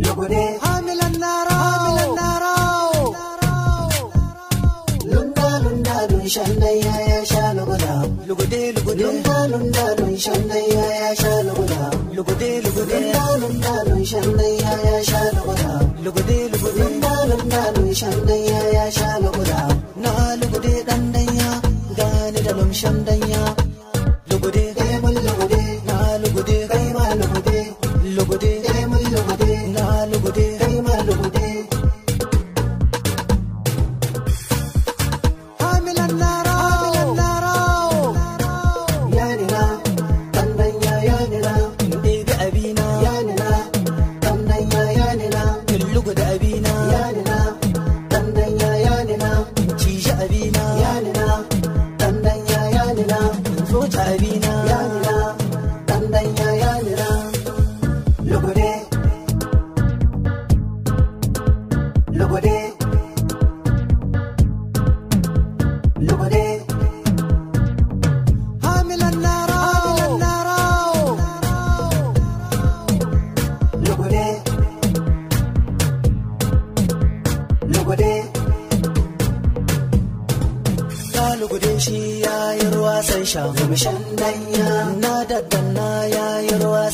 لبني حامل النار حامل النار لندا لندا لنشان يا يا شالو غدا لغدي لغدي لندا لندا لنشان يا يا شالو غدا لغدي لغدي لندا لندا لنشان يا يا شالو غدا لغدي لغدي لندا لندا لنشان يا يا شالو غدا na lugudi dan danya gani da lumshan danya lugudi kai mun lugudi na lugudi kai ma lugudi lugudi Look at it. Look at it. Look Na lugude shi ya yi ruwa sai sha. Zumi Na daddana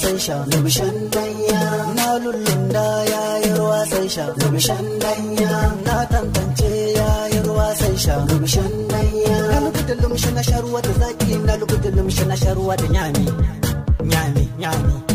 san sha lubshan danya na lullunda yayar wasan sha lubshan danya na tantance yayar wasan sha lubshan danya na lubuta lumshi na sharuwa da zaki na lubuta lumshi na sharuwa da nyami nyami nyami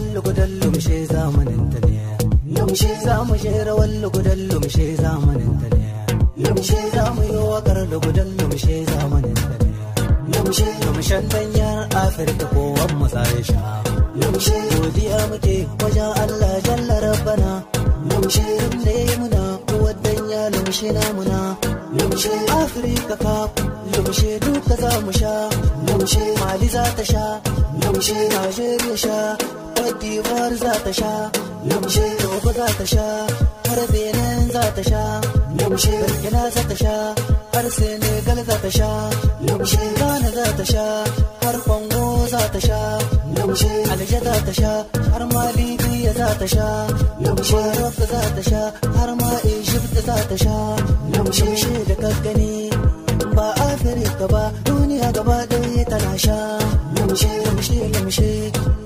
rawan lugudan lumshe zamanin ta ne lumshe za mu je rawan lugudan lumshe zamanin ta ne lumshe za mu yi wakar lugudan lumshe zamanin ta ne lumshe lumshen danyar afirka kowan mu tsare sha lumshe godiya muke wajen allah jalla rabbana lumshe ne muna uwar danya lumshe namuna lumshe afirka ka lumshe duka za mu sha lumshe mali za ta sha lumshe najeriya sha divar za ta sha yaushe gobe za ta sha har benin za ta sha yaushe burkina za ta sha har senegal za ta sha yaushe ghana za ta sha har congo za ta sha yaushe alje za ta sha har ma libya za ta sha yaushe rafa za ta sha har ma egypt za ta sha yaushe da kaggani ba afirka ba duniya gaba ɗaya tana sha yaushe